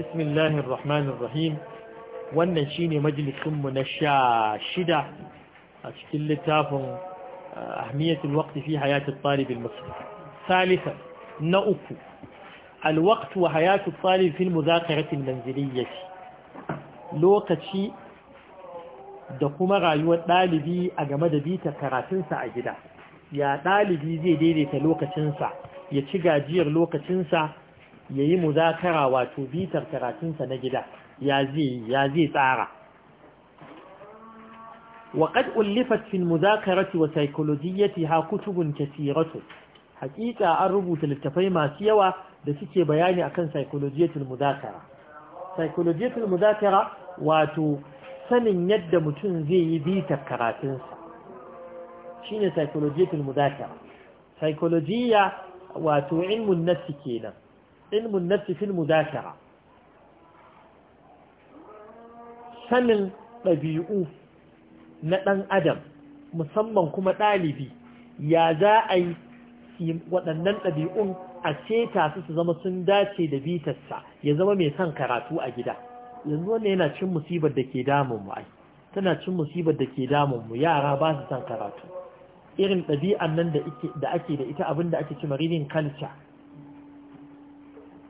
بسم الله الرحمن الرحيم wannan shine mu na sha shida a cikin littafin uh, ahmiyatul waqti fi hayatul talib al-masruf salisa na uku al-waqt wa hayatul talib fi al-muzakarati manziliyyah lokaci da kuma rayuwar dalibi a game da bita karatunsa a gida ya dalibi zai daidaita lokacinsa ya ci gajiyar lokacinsa yayi yi muzakara wato bitar karatunsa na gida ya zai tsara waƙad ƙullifar fin muzakarati wa saikolojiyyati ha kutubun kasiratu haƙiƙa an rubuta littafai masu yawa da suke bayani akan kan saikolojiyyatul muzakara saikolojiyyatul wato sanin yadda mutum zai yi bitar karatunsa shi ne saikolojiyyatul muzakara saikolojiyya wato ilmin nassi kenan علم النفس في المذاكرة sanin ɗabi'u na ɗan adam musamman kuma ɗalibi ya za a yi waɗannan ɗabi'un a ceta su su zama sun dace da bitarsa ya zama mai son karatu a gida yanzu wannan yana cin musibar da ke damunmu ai musibar da ke damunmu yara ba su son karatu irin ɗabi'an nan da ake da ita abin da ake cima reading culture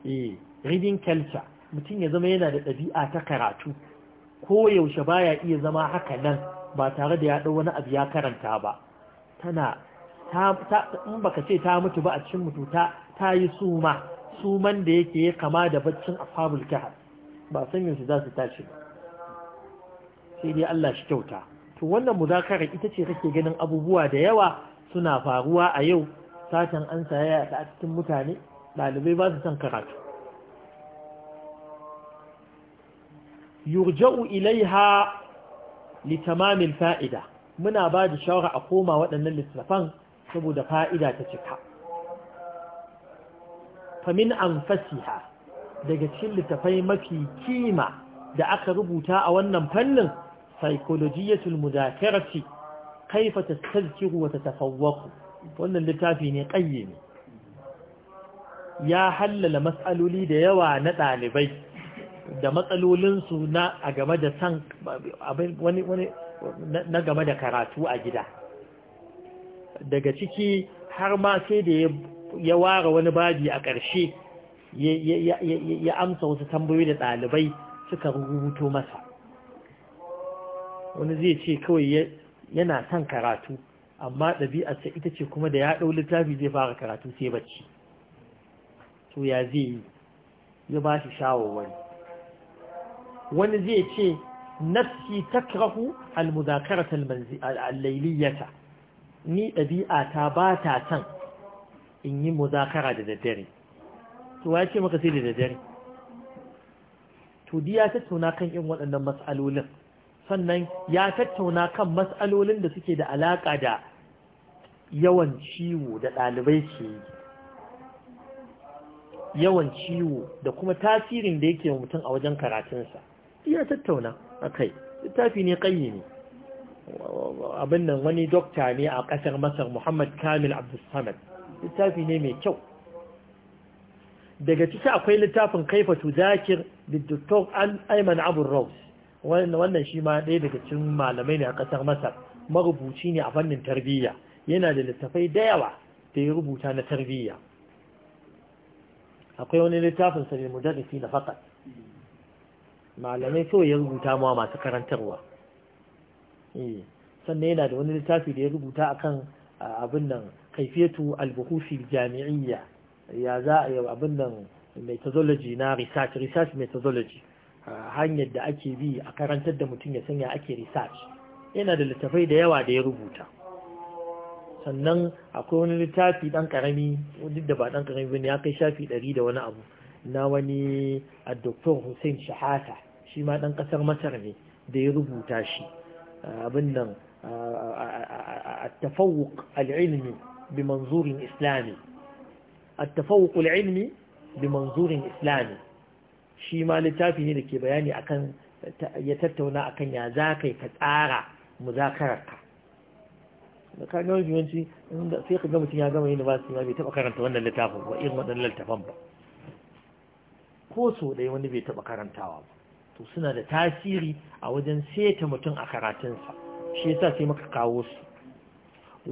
eh reading culture mutum ya zama yana da ɗabi'a ta karatu ko yaushe baya iya zama haka nan ba tare da ya ɗau wani abu ya karanta ba tana in baka ce ta mutu ba a cikin mutu ta yi suma suman da yake ya kama da baccin ashabul kahf ba san yaushe za su tashi ba sai dai Allah shi kyauta to wannan muzakara ita ce take ganin abubuwa da yawa suna faruwa a yau satan an saya a cikin mutane ɗalibai ba su son karatu yurja'u ilaiha litamamil fa'ida muna ba da shawara a koma waɗannan littafan saboda fa'ida ta cika famin anfasiha daga cikin littafai mafi kima da aka rubuta a wannan fannin psychologiyatul mudakarati kaifa tastazkiru wa tatafawwaku wannan littafi ne qayyimi ya hallala matsaloli da yawa na ɗalibai da matsalolinsu na a game da san wani na game da karatu a gida daga ciki har ma sai da ya ware wani baji a ƙarshe ya amsa wasu tambayoyi da ɗalibai suka rubuto masa wani zai ce kawai yana son karatu amma ɗabi'arsa ita ce kuma da ya ɗau littafi zai fara karatu sai bacci to ya zai yi ya ba shi shawarwari wani zai ce nafsi takrahu al-mudhakarat al-layliyata ni ɗabi'a ta ba ta san in yi muzakara da daddare to ya ce maka sai da daddare to diya tattauna kan yin waɗannan matsalolin sannan ya tattauna kan matsalolin da suke da alaƙa da yawan ciwo da ɗalibai ke yi yawan ciwo da kuma tasirin da yake mutum a wajen karatunsa iya tattauna a kai littafi ne ne abin nan wani dokta ne a ƙasar masar muhammad kamil abdulsamad littafi ne mai kyau daga ciki akwai littafin kaifa zakir da dr aiman abu rose wannan shi ma ɗaya daga cikin malamai ne a ƙasar masar marubuci ne a fannin tarbiyya yana da littafai da yawa da ya rubuta na tarbiyya akwai wani littafin sa mai mudarrisi na fakat malamai kawai ya rubuta ma masu karantarwa eh, sannan yana da wani littafi da ya rubuta akan abin nan kaifiyatu al-buhufi jami'iyya ya za a yi abin nan methodology na research research methodology hanyar da ake bi a karantar da mutum ya sanya ake research yana da littafai da yawa da ya rubuta sannan akwai wani littafi dan karami duk da ba dan karami bane ya kai shafi 100 da wani abu na wani a Dr. Hussein Shahata shi ma dan kasar Masar ne da ya rubuta shi abin nan التفوق Islami, a إسلامي التفوق العلمي بمنظور Islami, shi ma littafi ne da ke bayani akan ya tattauna akan ya za ka yi ka tsara muzakararka da ka gama inda sai ka ga mutum ya gama university ma bai taɓa karanta wannan littafin ba irin waɗannan littafan ba ko so ɗaya wani bai taba karantawa ba to suna da tasiri a wajen seta mutum a karatun sa, shi yasa sai muka kawo su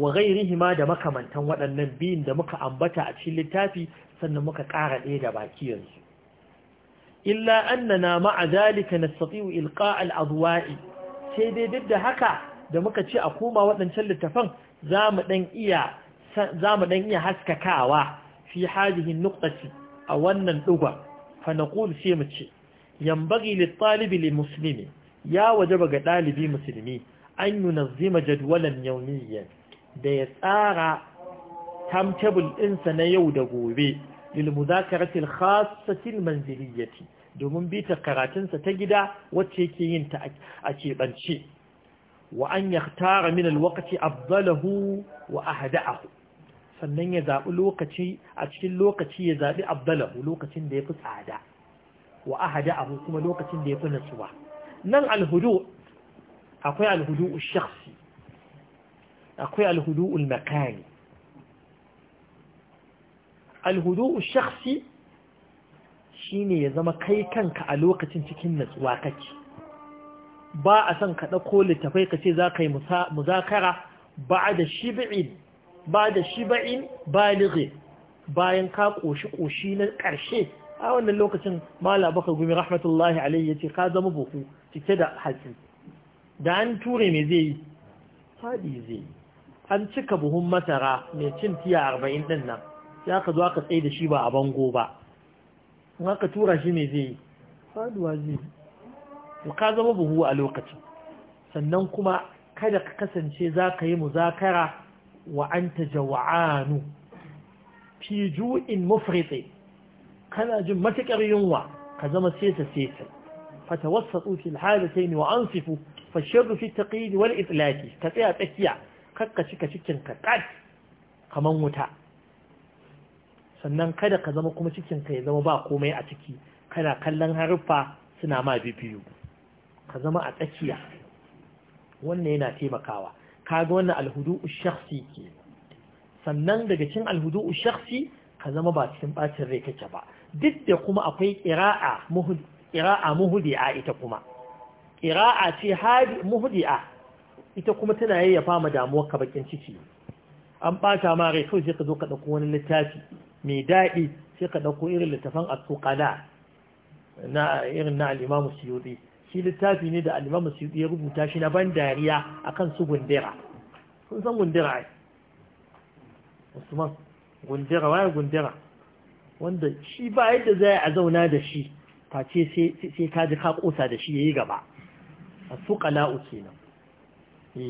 wa ma da makamantan waɗannan biyun da muka ambata a cikin littafi sannan muka ƙara ɗaya da baki yanzu illa annana ma'a zalika nastati'u ilqa al-adwa'i sai dai duk da haka da muka ce a koma waɗancan littafan za mu ɗan iya haskakawa fi hadihin nuktaci a wannan ɗuga fanakul sai mu ce yambagi littalibi li musulmi ya waje ga ɗalibi musulmi an yi nazima jadwalan yauniyyar da ya tsara tamtabul ɗinsa na yau da gobe lilmuzakaratil khasatil manziliyyati domin bita karatunsa ta gida wacce yake yin ta a keɓance wa an yaktara min alwaqti afdalahu wa ahda'ahu sannan ya zabi lokaci a cikin lokaci ya zabi afdalahu lokacin da yafi tsada wa ahda'ahu kuma lokacin da yafi nasuwa nan alhudu akwai alhudu shakhsi akwai alhudu makani alhudu shakhsi shine ya zama kai kanka a lokacin cikin natsuwa kake ba a san ka ɗauko littafai ka ce za ka yi muzakara ba da shib'in ba da shib'in balighi bayan ka ƙoshi ƙoshi na ƙarshe a wannan lokacin mala baka gumi rahmatullahi alayhi ce ka zama buhu cike da hatsi da an ture me zai yi fadi zai yi an cika buhun masara mai cin tiya arba'in din nan ya ka zo aka tsaye da shi ba a bango ba in aka tura shi me zai yi faduwa zai yi to ka zama buhu a lokacin sannan kuma kada ka kasance za ka yi muzakara wa an ta jawa'anu fi ju'in kana jin matuƙar yunwa ka zama sesa sesa fata wasa tsufil halatai ne wa an sifu fashirru fi taƙidi wani itilaki ka tsaya tsakiya kakka cika cikin ka kamar wuta sannan kada ka zama kuma cikin ka ya zama ba komai a ciki kana kallon haruffa suna ma bibiyu ka zama a tsakiya wannan yana taimakawa kaga wannan alhudu'u shakhsi ke sannan daga cikin alhudu'u shakhsi ka zama ba cikin bacin rai kake ba duk da kuma akwai qira'a muhud qira'a muhdi'a ita kuma qira'a ce hadi muhdi'a ita kuma tana yayyafa ma damuwar ka bakin ciki an bata ma rai to sai ka zo ka dauko wani littafi mai daɗi sai ka dauko irin littafan as-suqala na irin na al-Imam Suyuti shi littafi ne da alimamu su ya rubuta shi na ban dariya a kan su gundira sun san gundira ai usman gundira waye gundira wanda shi ba yadda zai a zauna da shi ta ce sai ka ji ka kosa da shi ya yi gaba a fuqala'u kenan eh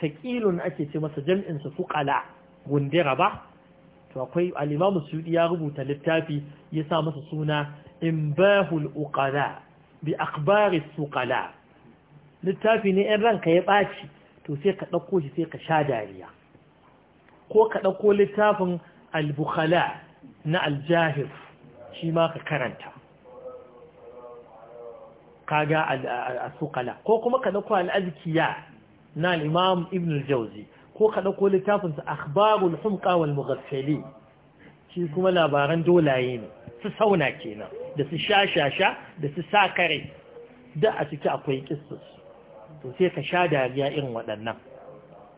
taqilun ake ce masa jam'in su fuqala gundira ba to akwai al-Imam ya rubuta littafi ya sa masa suna Imbahul Uqala bi su suqala littafi ne in ranka ya ɓaci to sai ka ɗauko shi sai ka sha dariya ko ka ɗauko littafin albukhala na aljahir shi ma ka karanta kaga su suqala ko kuma ka ɗauko al’azikiya na imam ibn jauzi ko ka ɗauko littafin akbaru akhbarul humqa wal shi kuma labaran dolaye ne su sauna kenan da su sha sha sha da su sa kare da a ciki akwai kissus to sai ka sha dariya irin waɗannan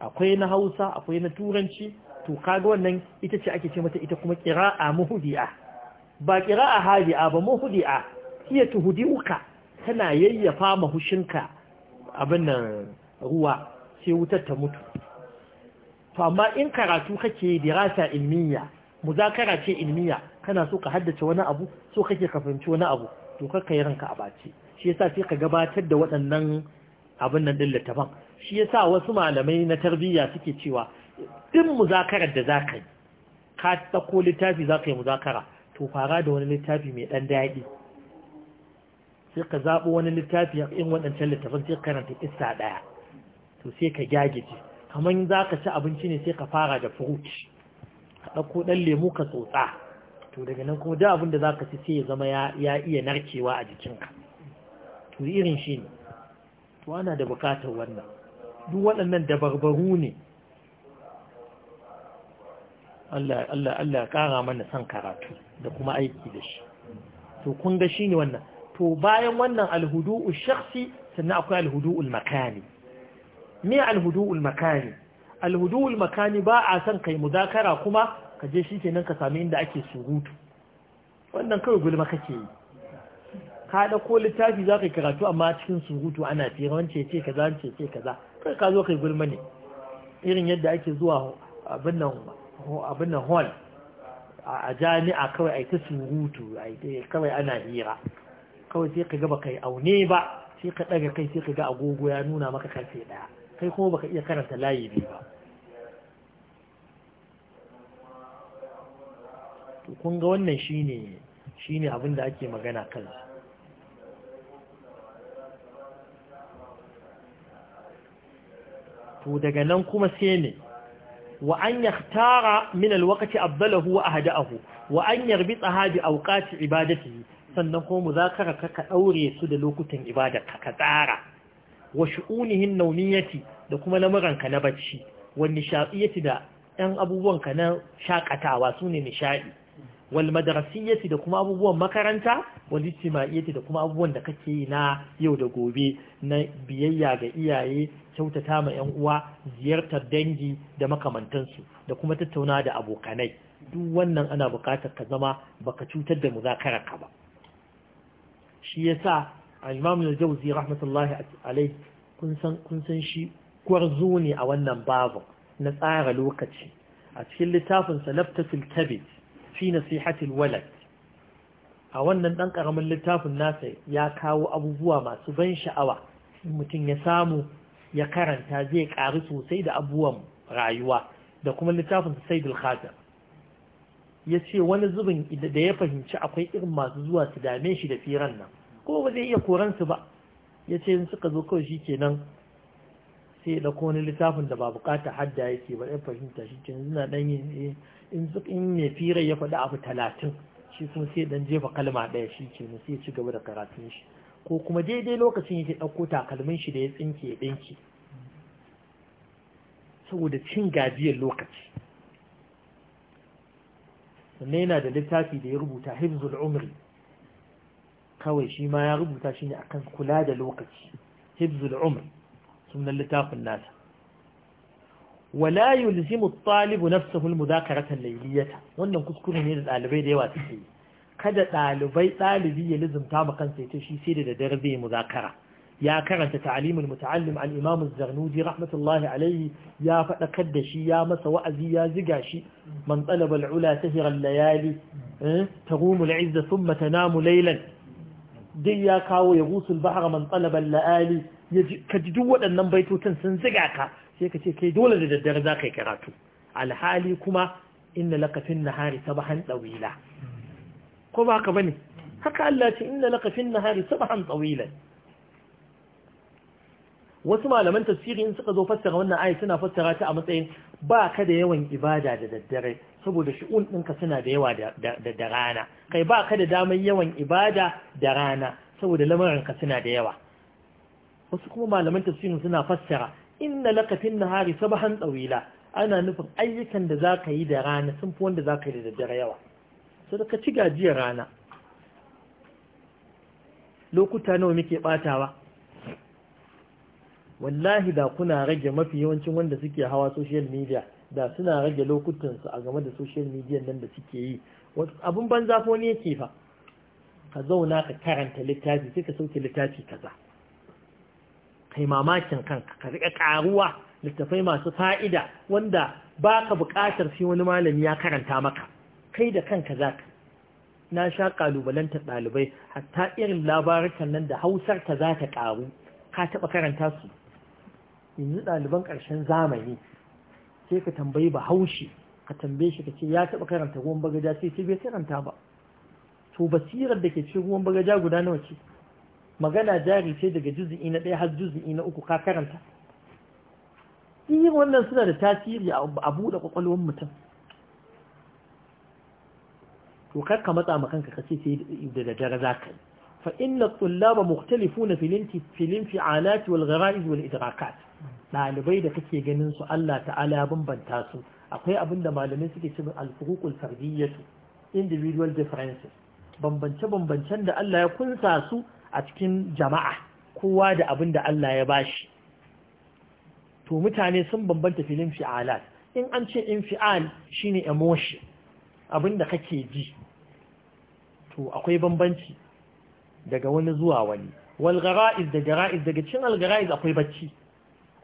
akwai na hausa akwai na turanci to kaga wannan ita ce ake ce mata ita kuma ƙira'a muhudi'a ba ƙira'a hadi'a ba muhudi'a iya tuhudi'uka tana yayyafa mahushinka abin nan ruwa sai wutar ta mutu to amma in karatu kake dirasa ilmiya muzakara ce ilmiya kana so ka haddace wani abu so kake ka fahimci wani abu to ka yi ranka a bace shi yasa sai ka gabatar da waɗannan abin nan din littafan. shi yasa wasu malamai na tarbiyya suke cewa din muzakarar da zaka yi ka sako littafi zaka yi muzakara to fara da wani littafi mai ɗan daɗi sai ka zaɓi wani littafi in waɗancan littafin sai karanta kissa ɗaya to sai ka gyagije kamar za ka ci abinci ne sai ka fara da fruit ɗauko ɗan lemu ka tsotsa to daga nan kuma da abin da za ka ci sai ya zama ya iya narkewa a jikinka to irin shi ne to ana da bukatar wannan duk waɗannan dabarbaru ne Allah Allah ƙara mana son karatu da kuma aiki da shi to kun ga shi ne wannan to bayan wannan alhudu'u shakhsi sannan akwai alhudu'ul makani me alhudu'ul makani alhudu'ul makani ba a son kai mudakara kuma ka je shi nan ka sami inda ake surutu wannan kawai gulma kake yi ka da ko littafi za ka karatu amma cikin surutu ana fira wance ce kaza wance ce kaza kai ka zo kai gulma ne irin yadda ake zuwa abin nan hall a jami'a kawai a yi ta surutu kawai ana hira kawai sai ka gaba baka aune ba sai ka ɗaga kai sai ka ga agogo ya nuna maka karfe ɗaya kai kuma baka iya karanta layi ba to kun ga wannan shine shine abin da ake magana kan to daga nan kuma sai ne wa an yaktara min alwaqti afdalahu wa ahdahu wa an yarbita hadi awqati ibadatihi sannan kuma muzakara ka ka daure su da lokutan ibada ka ka tsara wa shu'unihin nawmiyati da kuma lamuran ka na bacci wa nishaqiyati da ɗan abubuwan ka na shakatawa sune nishaɗi. wal da kuma abubuwan makaranta wal ijtima'iyyati da kuma abubuwan da kake yi na yau da gobe na biyayya ga iyaye kyautata ma yan uwa ziyartar dangi da makamantansu da kuma tattauna da abokanai duk wannan ana buƙatar ka zama baka cutar da muzakarar ka ba shi yasa al-Imam al-Jawzi rahmatullahi alayhi kun san kun san shi gwarzo ne a wannan babu na tsara lokaci a cikin littafin Salaftatul Kabir fi nasihatil walad a wannan ɗan karamin littafin nasa ya kawo abubuwa masu ban sha'awa mutum ya samu ya karanta zai ƙari sosai da abubuwan rayuwa da kuma littafin saidul khatam ya ce wani zubin da ya fahimci akwai irin masu zuwa su dame shi da firan nan ko ba zai iya su ba ya ce in suka zo kawai shi kenan sai da kowane wani littafin da ba bukata hadda yake ba ya fahimta shi ke zina dan yin eh, in in ne fira ya faɗi abu talatin shi kuma sai dan jefa kalma ɗaya shi ke sai ya ci gaba da karatun shi ko kuma daidai lokacin yake ɗauko takalmin shi da ya tsinke ya ɗinke saboda cin gajiyar lokaci sannan yana da littafi da ya rubuta hibzul umri kawai shi ma ya rubuta shi ne akan kula da lokaci hibzul umri sunan littafin nasa wala yulzimu at-talibu nafsuhu al layliyata wannan kuskure ne da dalibai da yawa suke kada dalibai dalibi ya lizumta ma kansa yace shi sai da daddare zai muzakara ya karanta ta'limul muta'allim an imam az-zarnuji rahmatullahi alayhi ya fada da shi ya masa wa'azi ya ziga shi man talaba al-ula tahira al-layali eh, tagumu al-'izza thumma tanamu laylan dai ya kawo ya gusul bahra man talaba al-laali ka ji duk waɗannan baitocin sun ziga ka sai ka ce kai dole da daddare za ka yi karatu alhali kuma inna laka fin nahari sabahan tsawila ko ba haka bane haka Allah ce inna laka nahari sabahan tsawila wasu malaman tafsiri in suka zo fassara wannan ayi suna fassara ta a matsayin ba ka da yawan ibada da daddare saboda shi'un ɗinka suna da yawa da rana kai ba ka da damar yawan ibada da rana saboda lamarinka suna da yawa wasu kuma malaman tafsirin suna fassara inna laka fin nahari sabahan tsawila ana nufin ayyukan da za yi da rana sun fi wanda zaka ka yi da daddare yawa so da ka ci gajiyar rana lokuta nawa muke batawa wallahi da kuna rage mafi yawancin wanda suke hawa social media da suna rage lokutan su a game da social media nan da suke yi abin banza fa wani yake fa ka zauna ka karanta littafi sai ka sauke littafi kaza kai mamakin kanka ka riƙa ƙaruwa littafai masu fa'ida wanda ba ka buƙatar sai wani malami ya karanta maka kai da kanka za ka na sha ƙalubalantar ɗalibai hatta irin labarukan nan da hausar ta za ta ƙaru ka taɓa karanta su yanzu ɗaliban ƙarshen zamani sai ka tambayi ba haushi ka tambaye shi ka ce ya taɓa karanta ruwan bagaja sai ce bai karanta ba to basirar da ke ce ruwan bagaja guda nawa ce magana jari ce daga juz'i na ɗaya har juz'i na uku ka karanta yin wannan suna da tasiri a buɗe ƙwaƙwalwar mutum to kar ka matsa kanka ka ce sai da daddare za ka yi fa inna tsullaba mukhtalifuna fil infi'alati wal ghara'iz wal idrakat Ɗalibai da kake ganin su Allah ta'ala ya bambanta su akwai abin da malamai suke cewa al-furuqul fardiyyatu individual differences bambance-bambancen da Allah ya kunsa su a cikin jama'a kowa da abin da Allah ya bashi to mutane sun bambanta filin fi'alat in an ce infi'al shine emotion abin da kake ji to akwai bambanci daga wani zuwa wani wal da gara'iz daga cin al akwai bacci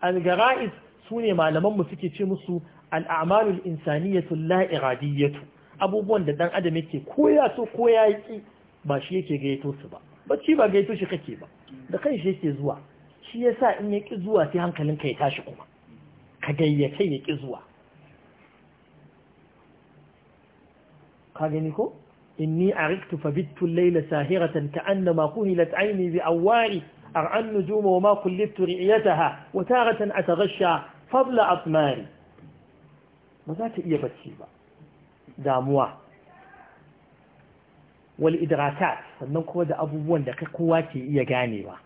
al su sune malaman mu suke ce musu al a'malul insaniyatu la iradiyatu abubuwan da dan adam yake koya so ba shi yake gayyato su ba bacci ba gaito shi kake ba da kai shi yake zuwa shi yasa in ya ƙi zuwa sai hankalin ka ya tashi kuma ka gayyace ya ƙi zuwa ka gani ko inni ariktu fa bittu layla sahiratan ka annama kuhilat aini bi awari ar'an nujuma wa ma kulliftu ri'yataha wa taratan ataghashsha fadla atmari ba za ta iya bacci ba damuwa wal idrakat sannan kuma da abubuwan da kai kowa ke iya ganewa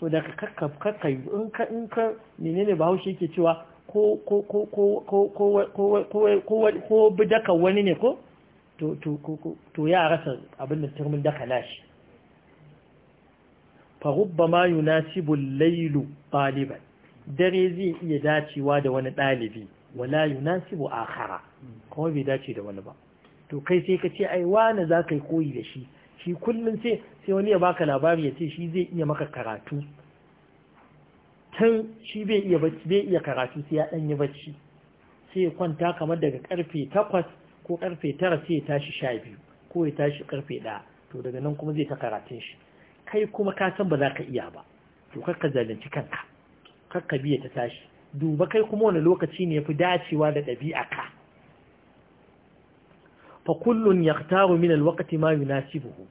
so da kakka kakka in ka in ka menene bahaushe yake cewa ko ko ko ko ko ko ko ko ko wani ne ko to to ko to ya rasa abin da turmin daka nashi fa rubbama yunasibu al-laylu taliban dare zai iya dacewa da wani dalibi wala yunasibu akhara kuma bai dace da wani ba to kai sai ka ce ai wane za ka yi koyi da shi shi kullum sai sai wani ya baka labari ya ce shi zai iya maka karatu tun shi bai iya bacci bai iya karatu sai ya dan yi bacci sai ya kwanta kamar daga karfe 8 ko karfe 9 sai ya tashi 12 ko ya tashi karfe 1 to daga nan kuma zai ta karatun shi kai kuma ka san ba za ka iya ba to ka zalunci kanka ka biya ta tashi duba kai kuma wani lokaci ne yafi dacewa da ɗabi'a ka fa kullun yaktaru min alwaqti ma yunasibuhu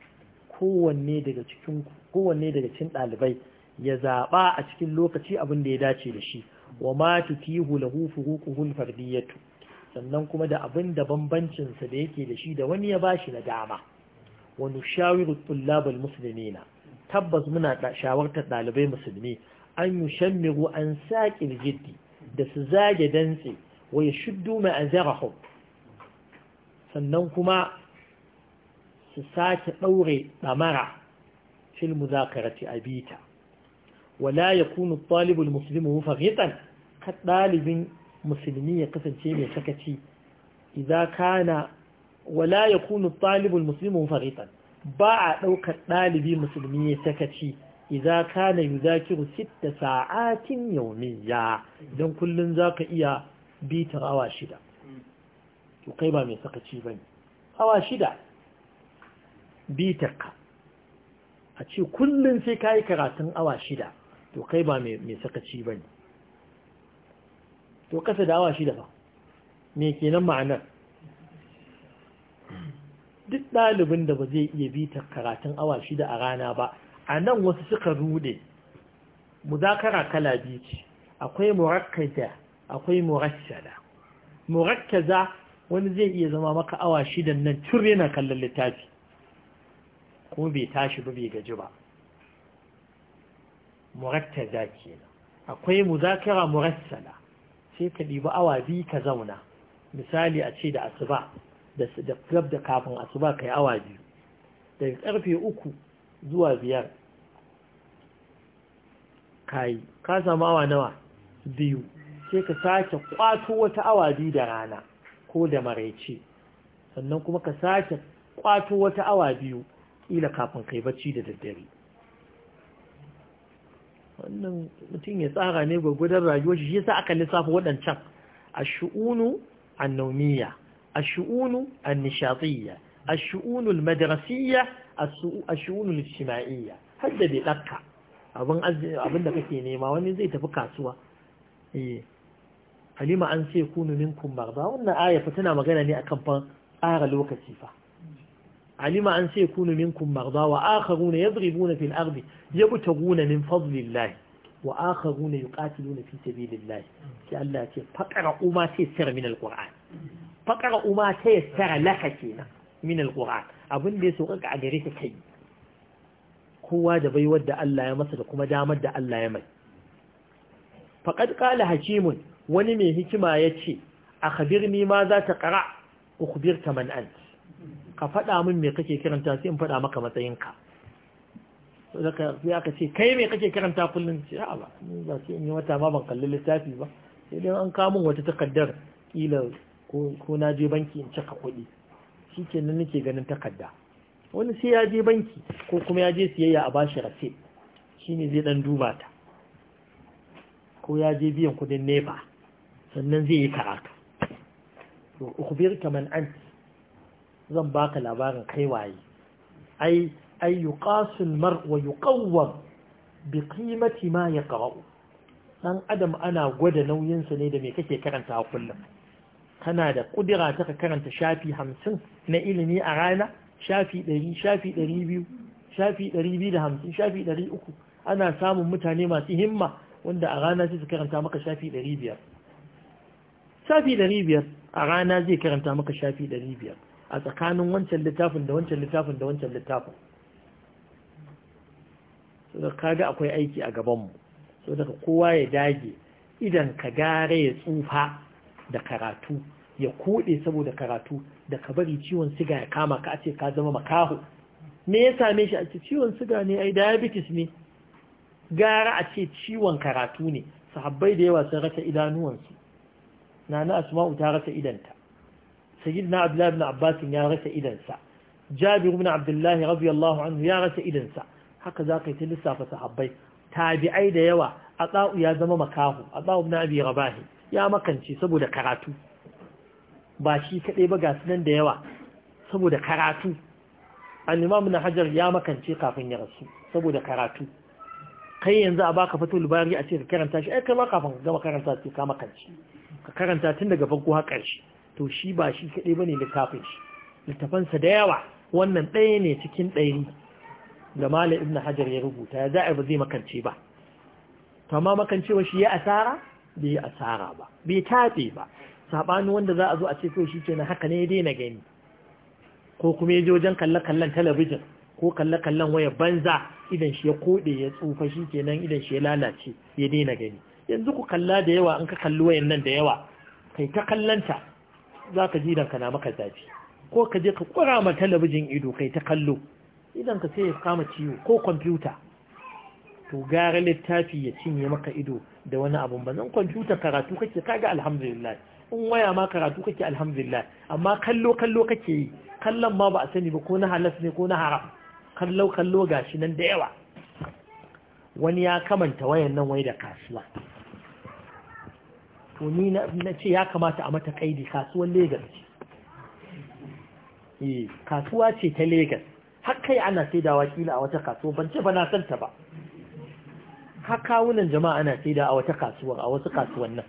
kowanne daga cikin kowanne daga cikin dalibai ya zaɓa a cikin lokaci abin da ya dace da shi wa ma tutihu lahu furuquhu fardiyatu sannan kuma da abin da bambancin sa da yake da shi da wani ya bashi na dama wa nushawiru tullabal muslimina tabbas muna shawartar ɗalibai musulmi an yushammiru an saqil jiddi da su zage dantse wa yashuddu ma'azarahum sannan kuma su sake ɗaure ɗamara fil muzakarati a bita wala ya kunu ɗalibul musulmi ka ɗalibin musulmi ya kasance mai sakaci idan kana wala ya kunu musulmi ba a ɗaukar ɗalibi musulmi ya sakaci idan kana yi zakiru sitta sa'atin yaumiya don kullum za ka iya bitar awa shida to kai ba mai sakaci ba ne awa shida bitarka a ce kullum sai ka yi karatun awa shida to kai ba mai sakaci ba ne to kasa da awa shida ba me kenan ma'anar duk ɗalibin da ba zai iya bitar karatun awa shida a rana ba a nan wasu suka rude muzakara kala biyu ce akwai murakkaza akwai murakkada murakkaza wani zai iya zama maka awa shida nan cire yana kallon littafi ko bai tashi ba bai gaji ba murattaza kenan akwai muzakara murassala sai ka ɗiba awa biyu ka zauna misali a ce da asuba da club da kafin asuba ka yi awa biyu daga karfe uku zuwa biyar ka yi ka samu awa nawa biyu sai ka sake kwato wata awa biyu da rana ko da maraice sannan kuma ka sake kwato wata awa biyu ila kafin kai bacci da daddare wannan mutum ya tsara ne gwagwadon rayuwar shi yasa aka lissafa waɗancan ashu'unu shu'unu ashu'unu annishatiyya ashu'unu shu'unu ashu'unu Har hadda bai dakka abin da kake nema wani zai tafi kasuwa eh halima an sai kunu minkum marda wannan aya fa tana magana ne akan fa tsara lokaci fa halima an sai kunu minkum marda wa akharuna yadribuna fil ardi yabtaguna min fadlillah wa akharuna yuqatiluna fi sabilillah sai Allah ce faqara uma sai sir min alquran faqara uma sai sir laka kenan min alquran abin da ya sauka a gare ka kai kowa da baiwar da Allah ya masa da kuma damar da Allah ya mai faqad qala hakimun wani mai hikima ya ce a khabirni ma za ta ƙara ukubirta man ant ka faɗa min me kake kiranta sai in faɗa maka matsayinka sai aka ce kai me kake kiranta kullum ce a ba ba sai in yi wata ma ban kalli littafi ba sai dai an kamun wata takardar kila ko na je banki in cika kuɗi shi ke nan nake ganin takarda wani sai ya je banki ko kuma ya je siyayya a bashi rafe shi ne zai ɗan duba ta ko ya je biyan kuɗin nefa sannan zai yi karatu to ukhbirka man ant zan baka labarin kai waye ai ay yuqasu al-mar wa yuqawwam bi qimati ma yaqra'u Ɗan adam ana gwada nauyinsa ne da me kake karanta kullum kana da kudira ta karanta shafi hamsin na ilimi a rana shafi ɗari shafi ɗari biyu shafi ɗari biyu da hamsin shafi ɗari uku. ana samun mutane masu himma wanda a rana sai su karanta maka shafi ɗari biyar. shafi ɗari biyar a rana zai karanta maka shafi ɗari biyar a tsakanin wancan littafin da wancan littafin da wancan littafin so da kaga akwai aiki a gabanmu so daga kowa ya dage idan ka gare ya tsufa da karatu ya kode saboda karatu da ka bari ciwon siga ya kama ka ce ka zama makaho me ya same shi a ce ciwon siga ne ai diabetes ne gara a ce ciwon karatu ne sahabbai da yawa sun rasa idanuwansu nana asma'u ta rasa idanta sayyidina abdullahi ibn abbas ya rasa idansa jabir ibn abdullahi radiyallahu anhu ya rasa idansa haka zaka yi ta lissafa sahabbai tabi'ai da yawa atsa'u ya zama makahu atsa'u ibn abi rabah ya makance saboda karatu ba shi kadai ba ga sunan da yawa saboda karatu al-imam hajar ya makance kafin ya rasu saboda karatu kai yanzu a baka fatul bari a ce ka karanta shi ai kai ma kafin ka gama karanta sai ka makance ka karanta tun daga farko har ƙarshe to shi ba shi kaɗai bane littafin shi littafansa da yawa wannan ɗaya ne cikin ɗari da malam ibn hajar ya rubuta ya za'a ba zai makance ba to amma wa shi ya asara bai yi asara ba bai taɓe ba saɓanin wanda za a zo a ce to shi kenan haka ne ya daina gani ko kuma ya je wajen kalle-kallen talabijin ko kalle-kallen waya banza idan shi ya koɗe ya tsufa shi kenan idan shi ya lalace ya daina gani yanzu ku kalla da yawa an ka kalli wayan nan da yawa kai ta kallanta za ka ji ka na maka zafi ko ka je ka kura ma talabijin ido kai ta kallo idan ka sai ya kama ciwo ko kwamfuta to gara littafi ya cinye maka ido da wani abu, ba zan kwamfuta karatu kake kaga alhamdulillah in waya ma karatu kake alhamdulillah amma kallo kallo kake yi kallon ma ba a sani ba ko na halas ne ko na haram kallo kallo gashi nan da yawa wani ya kamanta wayan nan wai da kasuwa to ni na ce ya kamata a mata kaidi kasuwar Legas ce eh, kasuwa ce ta Legas har kai ana da kila a wata kasuwa ban ce ba na santa ba har kawunan jama'a ana saida a wata kasuwa, a wasu kasuwannin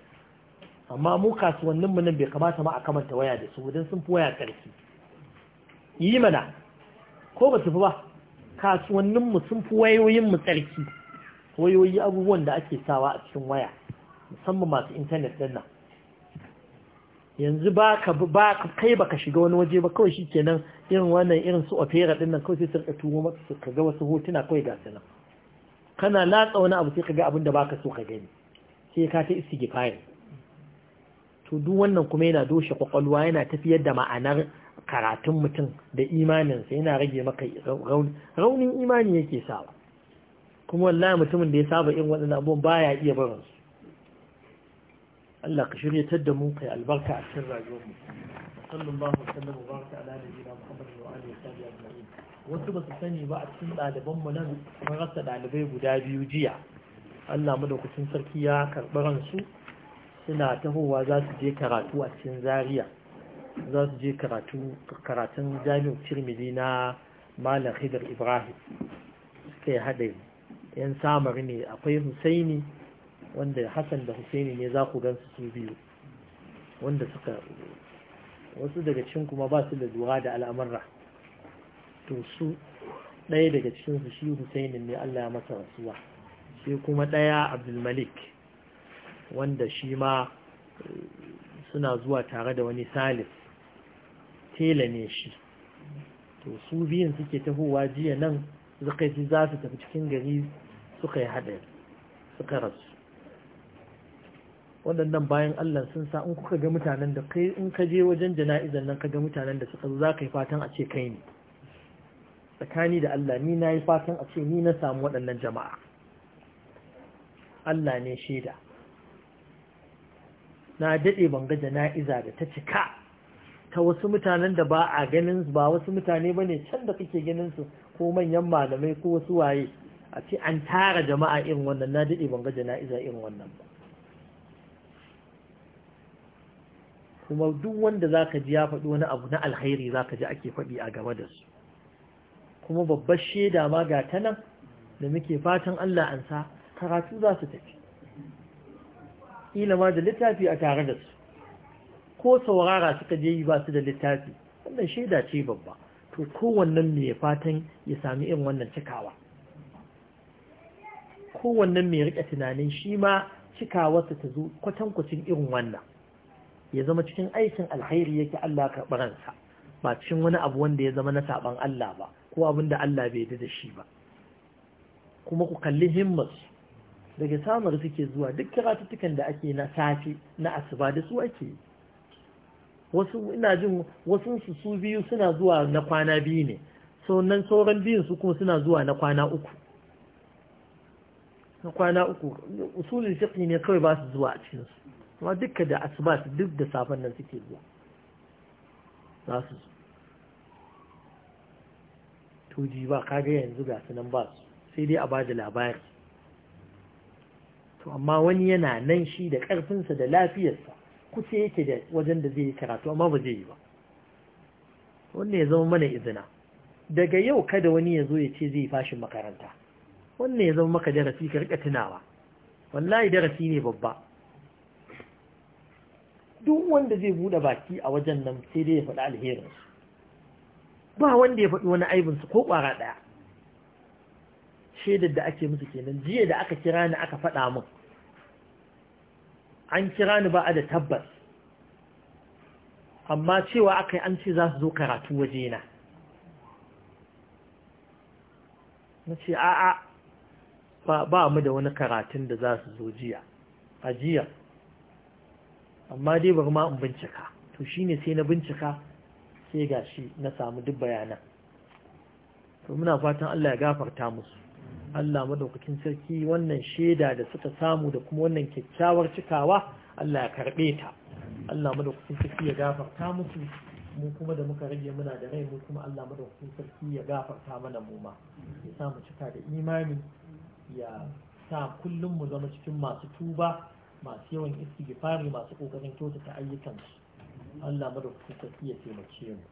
amma mu kasuwannin mu nan bai kamata ma a kamanta waya da su wajen sun fi waya karfi yi mana ko ba su fi ba kasuwannin mu sun fi wayoyin mu tsarki wayoyi abubuwan da ake sawa a cikin waya musamman masu intanet din nan yanzu ba ka kai ba ka shiga wani waje ba kawai shikenan irin wannan irin su opera din nan kawai sai su tuwo maka su kaga wasu hotuna kawai ga su nan kana latsa wani abu sai kaga abin da baka so ka gani sai ka ta istighfar to duk wannan kuma yana doshe kwakwalwa yana tafiyar da ma'anar karatun mutum da imaninsa yana rage maka rauni raunin imani yake sawa kuma wallahi mutumin da ya saba irin waɗannan abubuwan baya iya barinsu Allah ka shiryatar da mu kai albarka a cikin rayuwar mu sallallahu alaihi wasallam baraka ala nabiyina muhammad wa alihi wa sahbihi ajma'in wasu ba su sani ba a cikin ɗaliban mu nan mun rasa ɗalibai guda biyu jiya Allah kucin sarki ya karɓi ransu suna tahowa za su je karatu a cikin zaria za su je karatun jami'ar tirmidhi na malam hidar ibrahim suka yi haɗari yan samari ne akwai husaini wanda Hassan da Husaini ne za ku gansu su biyu wanda suka wasu daga cikin kuma ba su da zuwa da al'amurra to su ɗaya daga cikin su shi Husaini ne Allah ya masa rasuwa sai kuma ɗaya Abdulmalik wanda shi ma suna zuwa tare da wani Salis tela ne shi to su biyan suke tahowa jiya nan suka yi za su tafi cikin gari suka yi haɗari suka rasu waɗannan bayan Allah sun sa in kuka ga mutanen da kai in ka je wajen jana'izar nan ka ga mutanen da suka za ka yi fatan a ce kai ne tsakani da Allah ni na yi fatan a ce ni na samu waɗannan jama'a Allah ne shaida na daɗe ban ga jana'iza da ta cika ta wasu mutanen da ba a ganin ba wasu mutane ba ne can da kake ganin su ko manyan malamai ko wasu waye a ce an tara jama'a irin wannan na daɗe ban ga jana'iza irin wannan ba kuma duk wanda zaka ji ya faɗo wani abu na za ka ji ake faɗi a game da su kuma babbar shaida ma ga ta nan da muke fatan Allah an sa karatu za su tafi ilama da littafi a tare da su ko saurara suka je yi ba su da littafi wannan shaida ce babba to kowannen mai fatan ya sami irin wannan cikawa kowannen mai riƙe tunanin shi ma cikawarsa ta zo kwatankwacin irin wannan ya zama cikin aikin alkhairi yake Allah karɓaransa ba cikin wani abu wanda ya zama na saban Allah ba ko abin da Allah bai da shi ba kuma ku kalli himmas daga samar suke zuwa duk kiratuttukan da ake na safe na asuba da su ake wasu ina jin wasu su su biyu suna zuwa na kwana biyu ne sannan sauran biyun su kuma suna zuwa na kwana uku na kwana uku usulin fiqh ne kawai ba su zuwa a cikinsu. ma duka da asibas duk da safen nan suke zuwa za su tuji ba kaga yanzu ga nan ba su sai dai a ba da labari to amma wani yana nan shi da ƙarfinsa da lafiyarsa kusa yake da wajen da zai yi karatu amma ba zai yi ba wannan ya zama mana izina daga yau kada wani ya zo ya ce zai fashi makaranta wannan ya zama maka darasi ka rika tunawa wallahi darasi ne babba duk wanda zai buɗe baki a wajen nan sai dai ya faɗi alherinsu ba wanda ya faɗi wani aibinsu ko ƙwara ɗaya shaidar da ake musu kenan jiya da aka kira ni aka faɗa min an kira ni ba a da tabbas amma cewa aka yi an ce za su zo karatu wajena na ce a'a ba mu da wani karatun da za su zo jiya a jiya amma dai bari ma in bincika to shine sai na bincika sai gashi na samu duk bayanan to muna fatan Allah ya gafarta musu Allah madaukakin sarki wannan shaida da suka samu da kuma wannan kyakkyawar cikawa Allah ya karbe ta Allah madaukakin sarki ya gafarta musu mu kuma da muka rage muna da rai mu kuma Allah madaukakin sarki ya gafarta mana mu ma ya sa mu cika da imani ya sa kullum mu zama cikin masu tuba masu yawan istighfari masu kokarin kyautata ayyukansu Allah madaukakin sarki ya taimake mu